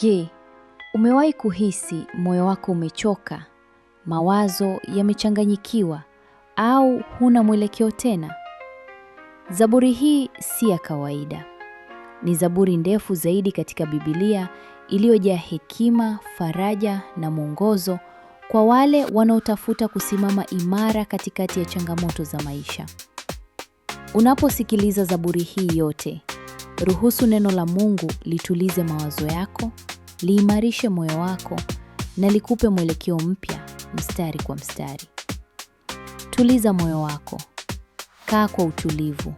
Je, umewahi kuhisi moyo wako umechoka, mawazo yamechanganyikiwa au huna mwelekeo tena? Zaburi hii si ya kawaida. Ni zaburi ndefu zaidi katika Biblia iliyojaa hekima, faraja na mwongozo kwa wale wanaotafuta kusimama imara katikati ya changamoto za maisha. Unaposikiliza zaburi hii yote, Ruhusu neno la Mungu litulize mawazo yako, liimarishe moyo wako na likupe mwelekeo mpya mstari kwa mstari. Tuliza moyo wako, kaa kwa utulivu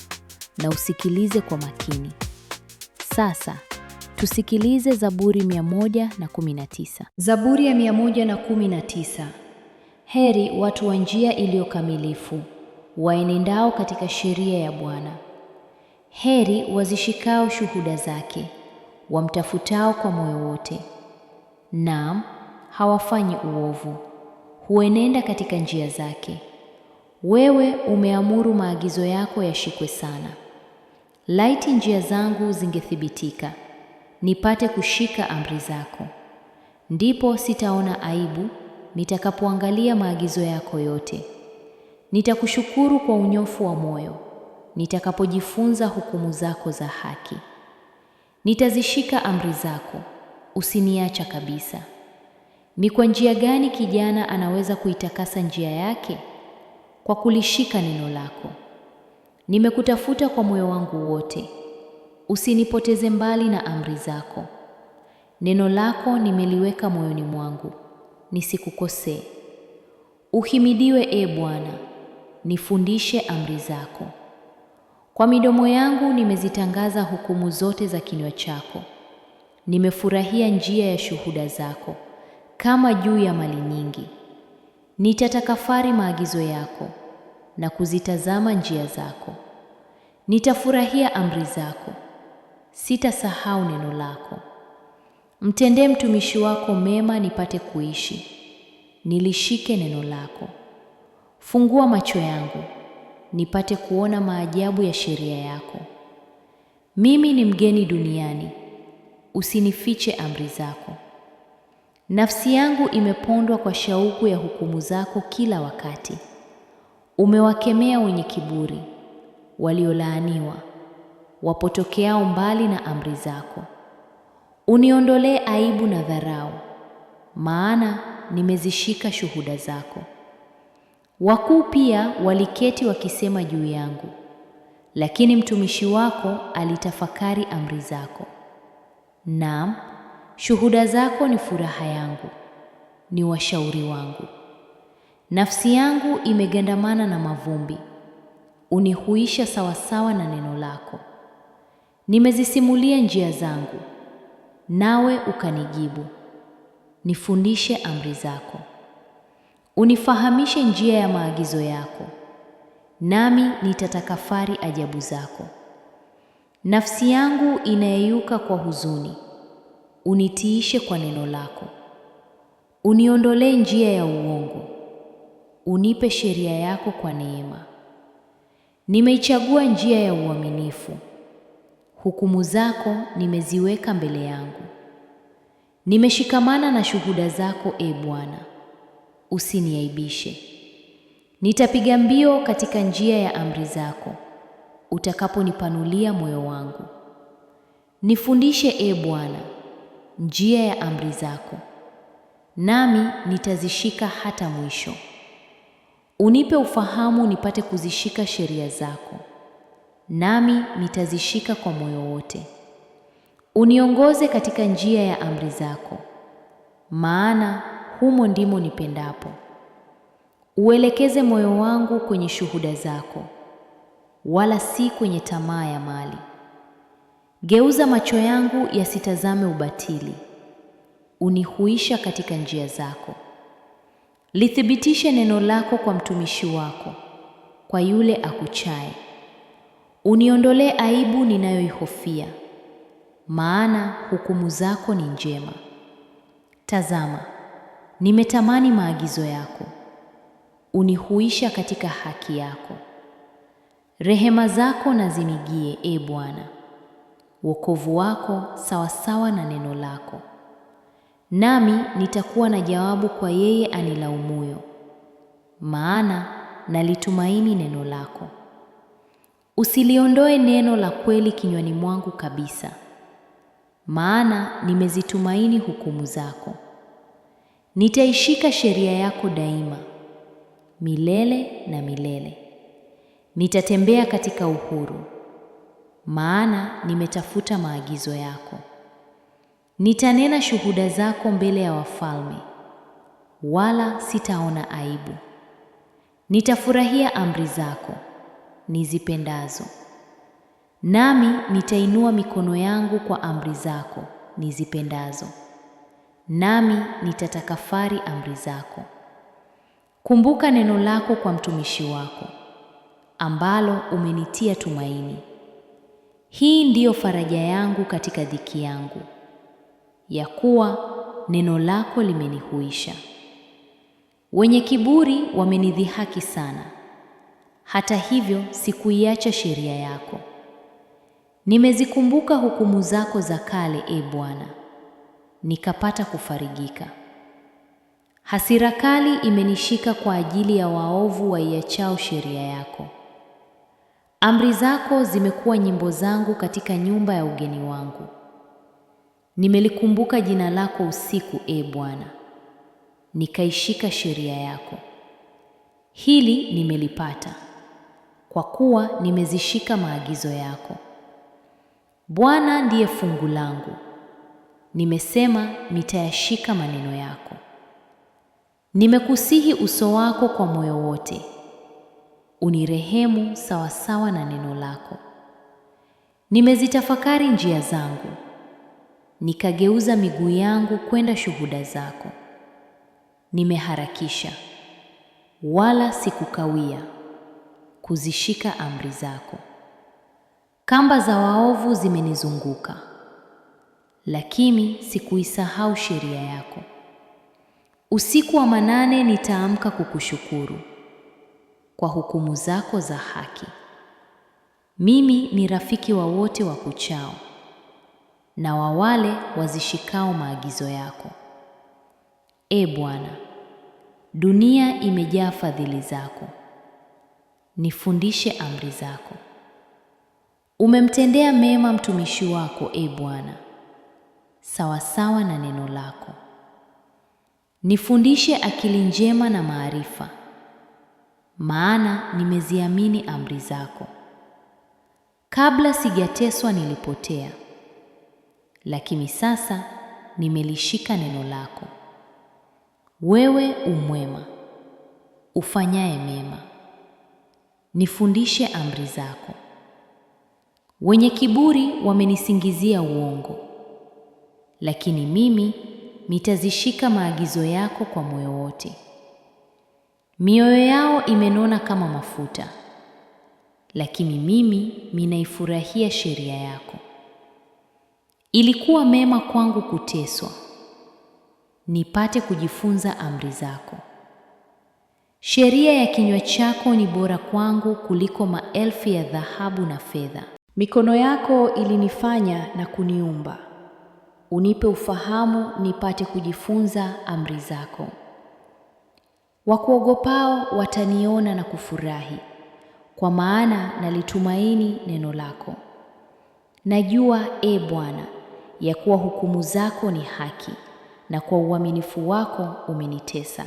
na usikilize kwa makini. Sasa tusikilize Zaburi 119. Zaburi ya 119. Heri watu wa njia iliyokamilifu, waenendao katika sheria ya Bwana. Heri wazishikao shuhuda zake, wamtafutao kwa moyo wote. Naam, hawafanyi uovu, huenenda katika njia zake. Wewe umeamuru maagizo yako yashikwe sana. Laiti njia zangu zingethibitika, nipate kushika amri zako. Ndipo sitaona aibu nitakapoangalia maagizo yako yote. Nitakushukuru kwa unyofu wa moyo nitakapojifunza hukumu zako za haki. Nitazishika amri zako, usiniacha kabisa. Ni kwa njia gani kijana anaweza kuitakasa njia yake? Kwa kulishika neno lako. Nimekutafuta kwa moyo wangu wote, usinipoteze mbali na amri zako. Neno lako nimeliweka moyoni mwangu, nisikukosee. Uhimidiwe, E Bwana, nifundishe amri zako. Kwa midomo yangu nimezitangaza hukumu zote za kinywa chako. Nimefurahia njia ya shuhuda zako kama juu ya mali nyingi. Nitatakafari maagizo yako na kuzitazama njia zako. Nitafurahia amri zako, sitasahau neno lako. Mtendee mtumishi wako mema nipate kuishi, nilishike neno lako. Fungua macho yangu nipate kuona maajabu ya sheria yako. Mimi ni mgeni duniani, usinifiche amri zako. Nafsi yangu imepondwa kwa shauku ya hukumu zako kila wakati. Umewakemea wenye kiburi, waliolaaniwa, wapotokeao mbali na amri zako. Uniondolee aibu na dharau, maana nimezishika shuhuda zako. Wakuu pia waliketi wakisema juu yangu, lakini mtumishi wako alitafakari amri zako. Naam, shuhuda zako ni furaha yangu, ni washauri wangu. Nafsi yangu imegandamana na mavumbi, unihuisha sawasawa na neno lako. Nimezisimulia njia zangu, nawe ukanijibu, nifundishe amri zako. Unifahamishe njia ya maagizo yako, nami nitatakafari ajabu zako. Nafsi yangu inayeyuka kwa huzuni, unitiishe kwa neno lako. Uniondolee njia ya uongo, unipe sheria yako kwa neema. Nimeichagua njia ya uaminifu, hukumu zako nimeziweka mbele yangu. Nimeshikamana na shuhuda zako, e Bwana usiniaibishe. Nitapiga mbio katika njia ya amri zako utakaponipanulia moyo wangu. Nifundishe, E Bwana, njia ya amri zako, nami nitazishika hata mwisho. Unipe ufahamu nipate kuzishika sheria zako, nami nitazishika kwa moyo wote. Uniongoze katika njia ya amri zako, maana humo ndimo nipendapo. Uelekeze moyo wangu kwenye shuhuda zako, wala si kwenye tamaa ya mali. Geuza macho yangu yasitazame ubatili, unihuisha katika njia zako. Lithibitishe neno lako kwa mtumishi wako, kwa yule akuchaye. Uniondolee aibu ninayoihofia, maana hukumu zako ni njema. Tazama, Nimetamani maagizo yako, unihuisha katika haki yako. Rehema zako na zinigie, e Bwana, wokovu wako sawasawa na neno lako. Nami nitakuwa na jawabu kwa yeye anilaumuyo, maana nalitumaini neno lako. Usiliondoe neno la kweli kinywani mwangu kabisa, maana nimezitumaini hukumu zako. Nitaishika sheria yako daima, milele na milele. Nitatembea katika uhuru, maana nimetafuta maagizo yako. Nitanena shuhuda zako mbele ya wafalme, wala sitaona aibu. Nitafurahia amri zako nizipendazo, nami nitainua mikono yangu kwa amri zako nizipendazo nami nitatakafari amri zako. Kumbuka neno lako kwa mtumishi wako, ambalo umenitia tumaini. Hii ndiyo faraja yangu katika dhiki yangu, ya kuwa neno lako limenihuisha. Wenye kiburi wamenidhihaki sana, hata hivyo sikuiacha sheria yako. Nimezikumbuka hukumu zako za kale, e Bwana nikapata kufarigika. Hasira kali imenishika kwa ajili ya waovu waiachao sheria yako. Amri zako zimekuwa nyimbo zangu katika nyumba ya ugeni wangu. Nimelikumbuka jina lako usiku, e Bwana, nikaishika sheria yako. Hili nimelipata kwa kuwa nimezishika maagizo yako. Bwana ndiye fungu langu, nimesema nitayashika maneno yako. Nimekusihi uso wako kwa moyo wote, unirehemu sawasawa na neno lako. Nimezitafakari njia zangu, nikageuza miguu yangu kwenda shuhuda zako. Nimeharakisha wala sikukawia kuzishika amri zako. Kamba za waovu zimenizunguka lakini sikuisahau sheria yako. Usiku wa manane nitaamka kukushukuru kwa hukumu zako za haki. Mimi ni rafiki wa wote wa kuchao na wa wale wazishikao maagizo yako. E Bwana, dunia imejaa fadhili zako, nifundishe amri zako. Umemtendea mema mtumishi wako, E Bwana, sawasawa na neno lako. Nifundishe akili njema na maarifa, maana nimeziamini amri zako. Kabla sijateswa nilipotea, lakini sasa nimelishika neno lako. Wewe umwema ufanyaye mema, nifundishe amri zako. Wenye kiburi wamenisingizia uongo lakini mimi nitazishika maagizo yako kwa moyo wote. Mioyo yao imenona kama mafuta, lakini mimi ninaifurahia sheria yako. Ilikuwa mema kwangu kuteswa, nipate kujifunza amri zako. Sheria ya kinywa chako ni bora kwangu kuliko maelfu ya dhahabu na fedha. Mikono yako ilinifanya na kuniumba unipe ufahamu nipate kujifunza amri zako. Wakuogopao wataniona na kufurahi, kwa maana nalitumaini neno lako. Najua, e Bwana, ya kuwa hukumu zako ni haki, na kwa uaminifu wako umenitesa.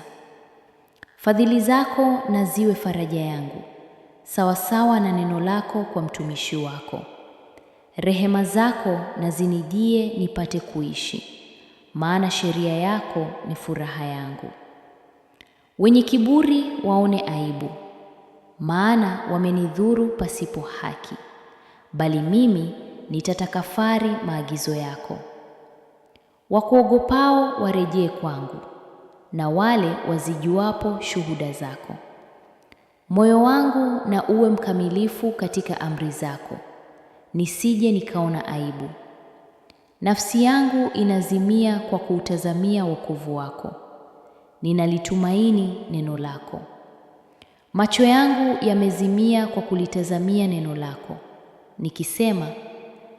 Fadhili zako na ziwe faraja yangu, sawasawa na neno lako kwa mtumishi wako. Rehema zako na zinijie nipate kuishi, maana sheria yako ni furaha yangu. Wenye kiburi waone aibu, maana wamenidhuru pasipo haki, bali mimi nitatakafari maagizo yako. Wakuogopao warejee kwangu, na wale wazijuapo shuhuda zako. Moyo wangu na uwe mkamilifu katika amri zako nisije nikaona aibu. Nafsi yangu inazimia kwa kuutazamia wokovu wako, ninalitumaini neno lako. Macho yangu yamezimia kwa kulitazamia neno lako, nikisema,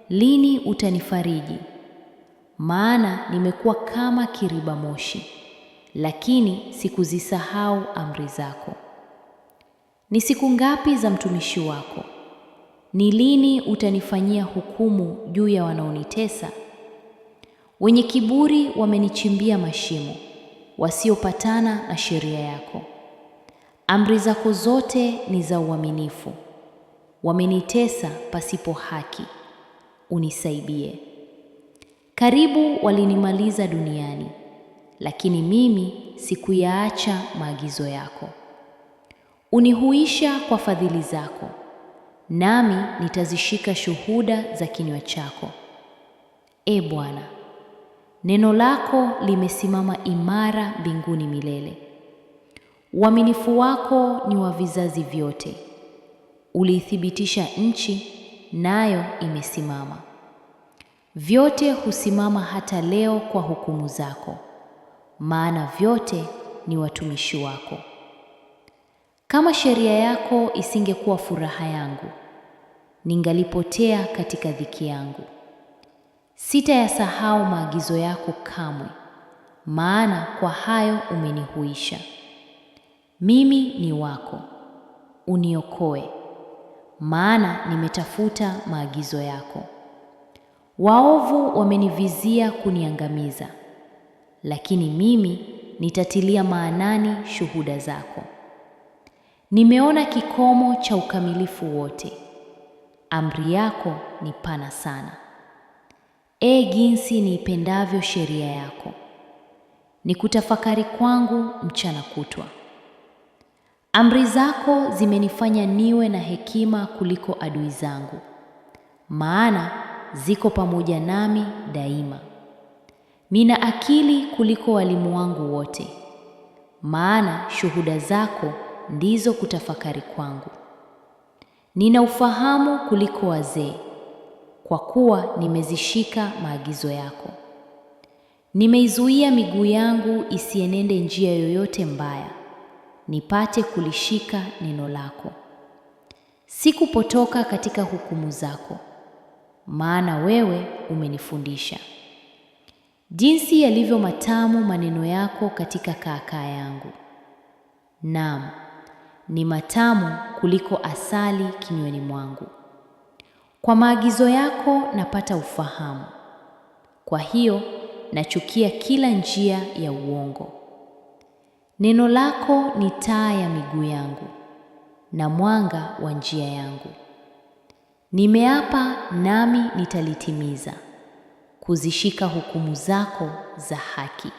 lini utanifariji? Maana nimekuwa kama kiriba moshi, lakini sikuzisahau amri zako. Ni siku ngapi za mtumishi wako ni lini utanifanyia hukumu juu ya wanaonitesa? Wenye kiburi wamenichimbia mashimo, wasiopatana na sheria yako. Amri zako zote ni za uaminifu. Wamenitesa pasipo haki, unisaidie. Karibu walinimaliza duniani, lakini mimi sikuyaacha maagizo yako. Unihuisha kwa fadhili zako nami nitazishika shuhuda za kinywa chako. E Bwana, neno lako limesimama imara mbinguni milele. Uaminifu wako ni wa vizazi vyote. Uliithibitisha nchi, nayo imesimama. Vyote husimama hata leo kwa hukumu zako, maana vyote ni watumishi wako. Kama sheria yako isingekuwa furaha yangu, ningalipotea katika dhiki yangu. Sitayasahau maagizo yako kamwe, maana kwa hayo umenihuisha. Mimi ni wako, uniokoe, maana nimetafuta maagizo yako. Waovu wamenivizia kuniangamiza, lakini mimi nitatilia maanani shuhuda zako. Nimeona kikomo cha ukamilifu wote amri yako ni pana sana. E, jinsi niipendavyo sheria yako! Ni kutafakari kwangu mchana kutwa. Amri zako zimenifanya niwe na hekima kuliko adui zangu, maana ziko pamoja nami daima. Nina akili kuliko walimu wangu wote, maana shuhuda zako ndizo kutafakari kwangu. Nina ufahamu kuliko wazee, kwa kuwa nimezishika maagizo yako. Nimeizuia miguu yangu isienende njia yoyote mbaya, nipate kulishika neno lako. Sikupotoka katika hukumu zako, maana wewe umenifundisha. Jinsi yalivyo matamu maneno yako katika kaakaa yangu! Naam, ni matamu kuliko asali kinywani mwangu. Kwa maagizo yako napata ufahamu, kwa hiyo nachukia kila njia ya uongo. Neno lako ni taa ya miguu yangu na mwanga wa njia yangu. Nimeapa nami nitalitimiza, kuzishika hukumu zako za haki.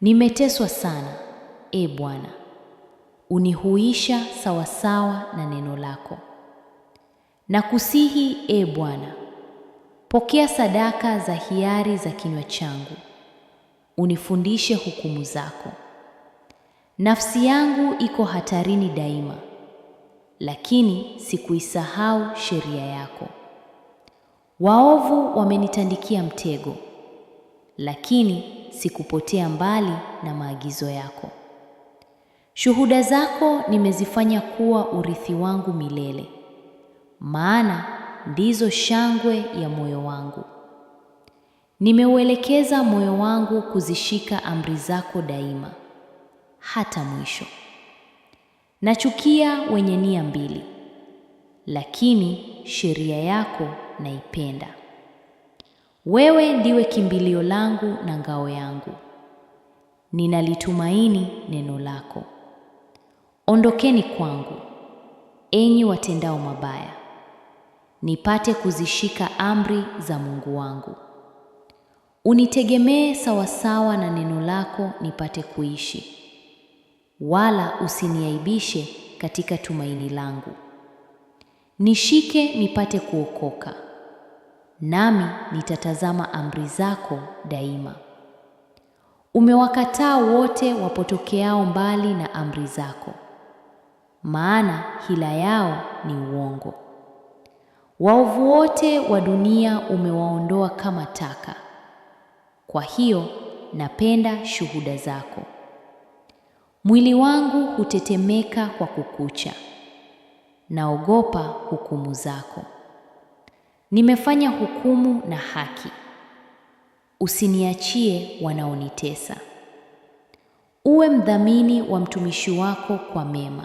Nimeteswa sana, e Bwana unihuisha sawasawa na neno lako. Nakusihi e Bwana, pokea sadaka za hiari za kinywa changu, unifundishe hukumu zako. Nafsi yangu iko hatarini daima, lakini sikuisahau sheria yako. Waovu wamenitandikia mtego, lakini sikupotea mbali na maagizo yako. Shuhuda zako nimezifanya kuwa urithi wangu milele, maana ndizo shangwe ya moyo wangu. Nimeuelekeza moyo wangu kuzishika amri zako daima hata mwisho. Nachukia wenye nia mbili, lakini sheria yako naipenda. Wewe ndiwe kimbilio langu na ngao yangu, ninalitumaini neno lako. Ondokeni kwangu, enyi watendao mabaya, nipate kuzishika amri za Mungu wangu. Unitegemee sawasawa na neno lako nipate kuishi, wala usiniaibishe katika tumaini langu. Nishike nipate kuokoka, nami nitatazama amri zako daima. Umewakataa wote wapotokeao mbali na amri zako maana hila yao ni uongo. Waovu wote wa dunia umewaondoa kama taka, kwa hiyo napenda shuhuda zako. Mwili wangu hutetemeka kwa kukucha, naogopa hukumu zako. Nimefanya hukumu na haki, usiniachie wanaonitesa. Uwe mdhamini wa mtumishi wako kwa mema,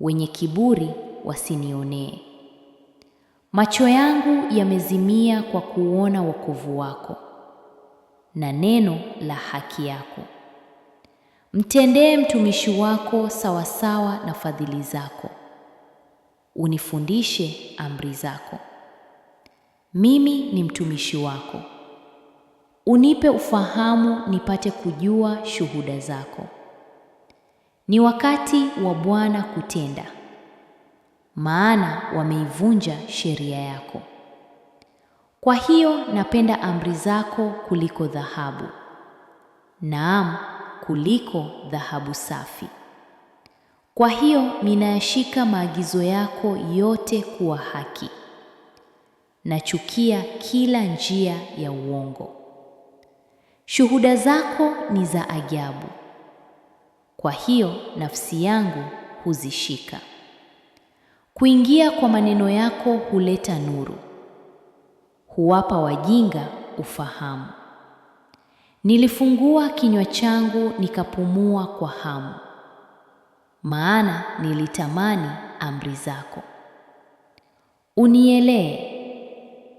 wenye kiburi wasinionee. Macho yangu yamezimia kwa kuona wokovu wako na neno la haki yako. Mtendee mtumishi wako sawasawa na fadhili zako, unifundishe amri zako. Mimi ni mtumishi wako, unipe ufahamu nipate kujua shuhuda zako. Ni wakati wa Bwana kutenda, maana wameivunja sheria yako. Kwa hiyo napenda amri zako kuliko dhahabu, naam, kuliko dhahabu safi. Kwa hiyo ninayashika maagizo yako yote kuwa haki. Nachukia kila njia ya uongo. Shuhuda zako ni za ajabu kwa hiyo nafsi yangu huzishika. Kuingia kwa maneno yako huleta nuru, huwapa wajinga ufahamu. Nilifungua kinywa changu nikapumua kwa hamu, maana nilitamani amri zako. Unielee,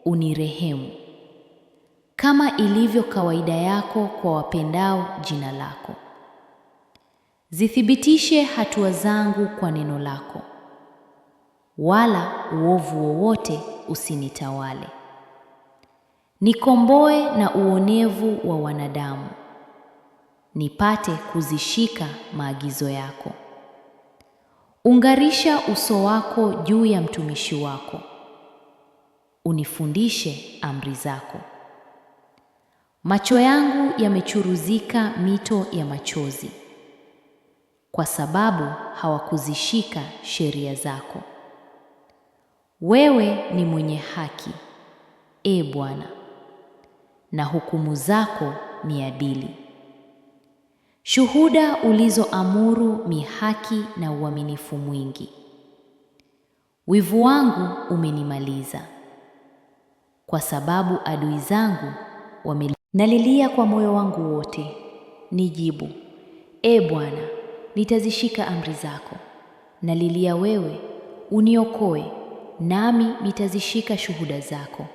unirehemu, kama ilivyo kawaida yako kwa wapendao jina lako zithibitishe hatua zangu kwa neno lako, wala uovu wowote usinitawale. Nikomboe na uonevu wa wanadamu, nipate kuzishika maagizo yako. Ungarisha uso wako juu ya mtumishi wako, unifundishe amri zako. Macho yangu yamechuruzika mito ya machozi kwa sababu hawakuzishika sheria zako. Wewe ni mwenye haki, e Bwana, na hukumu zako ni adili. Shuhuda ulizoamuru ni haki na uaminifu mwingi. Wivu wangu umenimaliza, kwa sababu adui zangu wame... kwa moyo wangu wote, nijibu, e Bwana nitazishika amri zako. Nalilia wewe, uniokoe, nami nitazishika shuhuda zako.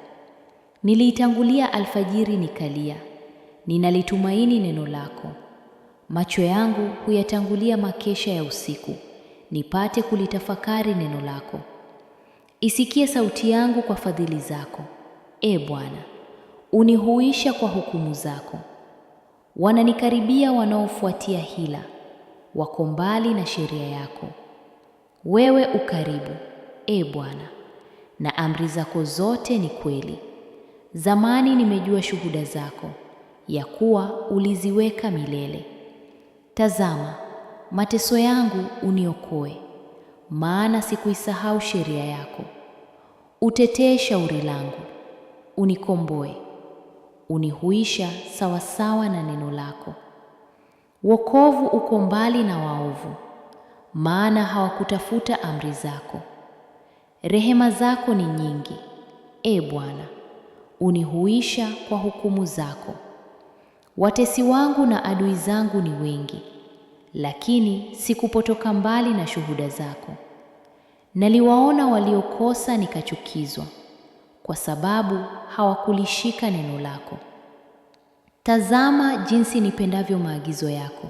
Niliitangulia alfajiri nikalia, ninalitumaini neno lako. Macho yangu huyatangulia makesha ya usiku, nipate kulitafakari neno lako. Isikie sauti yangu kwa fadhili zako, e Bwana, unihuisha kwa hukumu zako. Wananikaribia wanaofuatia hila wako mbali na sheria yako. Wewe ukaribu, e Bwana, na amri zako zote ni kweli. Zamani nimejua shuhuda zako, ya kuwa uliziweka milele. Tazama mateso yangu, uniokoe, maana sikuisahau sheria yako. Utetee shauri langu, unikomboe, unihuisha sawasawa na neno lako. Wokovu uko mbali na waovu, maana hawakutafuta amri zako. Rehema zako ni nyingi, e Bwana, unihuisha kwa hukumu zako. Watesi wangu na adui zangu ni wengi, lakini sikupotoka mbali na shuhuda zako. Naliwaona waliokosa nikachukizwa, kwa sababu hawakulishika neno lako. Tazama jinsi nipendavyo maagizo yako,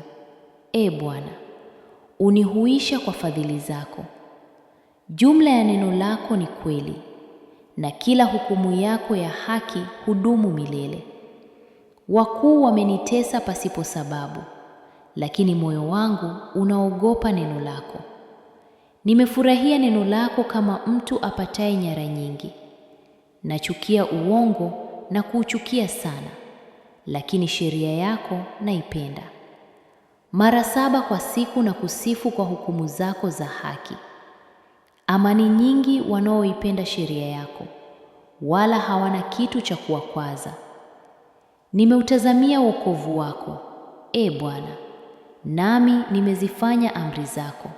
e Bwana, unihuisha kwa fadhili zako. Jumla ya neno lako ni kweli, na kila hukumu yako ya haki hudumu milele. Wakuu wamenitesa pasipo sababu, lakini moyo wangu unaogopa neno lako. Nimefurahia neno lako kama mtu apataye nyara nyingi. Nachukia uongo na kuuchukia sana lakini sheria yako naipenda. Mara saba kwa siku na kusifu kwa hukumu zako za haki. Amani nyingi wanaoipenda sheria yako, wala hawana kitu cha kuwakwaza. Nimeutazamia wokovu wako, e Bwana, nami nimezifanya amri zako.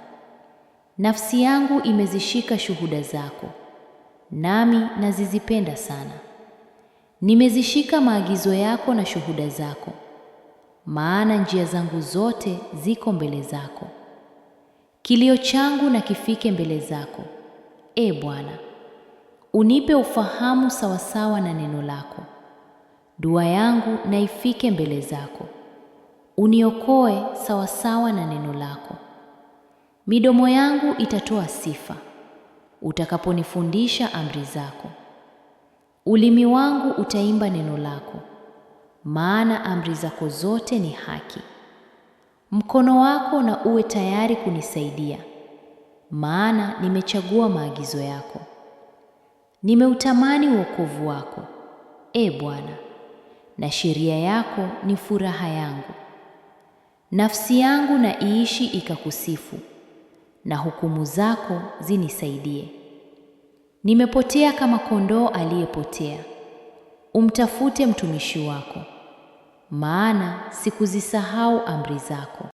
Nafsi yangu imezishika shuhuda zako, nami nazizipenda sana. Nimezishika maagizo yako na shuhuda zako, maana njia zangu zote ziko mbele zako. Kilio changu na kifike mbele zako, e Bwana, unipe ufahamu sawasawa na neno lako. Dua yangu na ifike mbele zako, uniokoe sawasawa na neno lako. Midomo yangu itatoa sifa utakaponifundisha amri zako. Ulimi wangu utaimba neno lako, maana amri zako zote ni haki. Mkono wako na uwe tayari kunisaidia, maana nimechagua maagizo yako. Nimeutamani wokovu wako, e Bwana, na sheria yako ni furaha yangu. Nafsi yangu na iishi ikakusifu, na hukumu zako zinisaidie. Nimepotea kama kondoo aliyepotea. Umtafute mtumishi wako, maana sikuzisahau amri zako.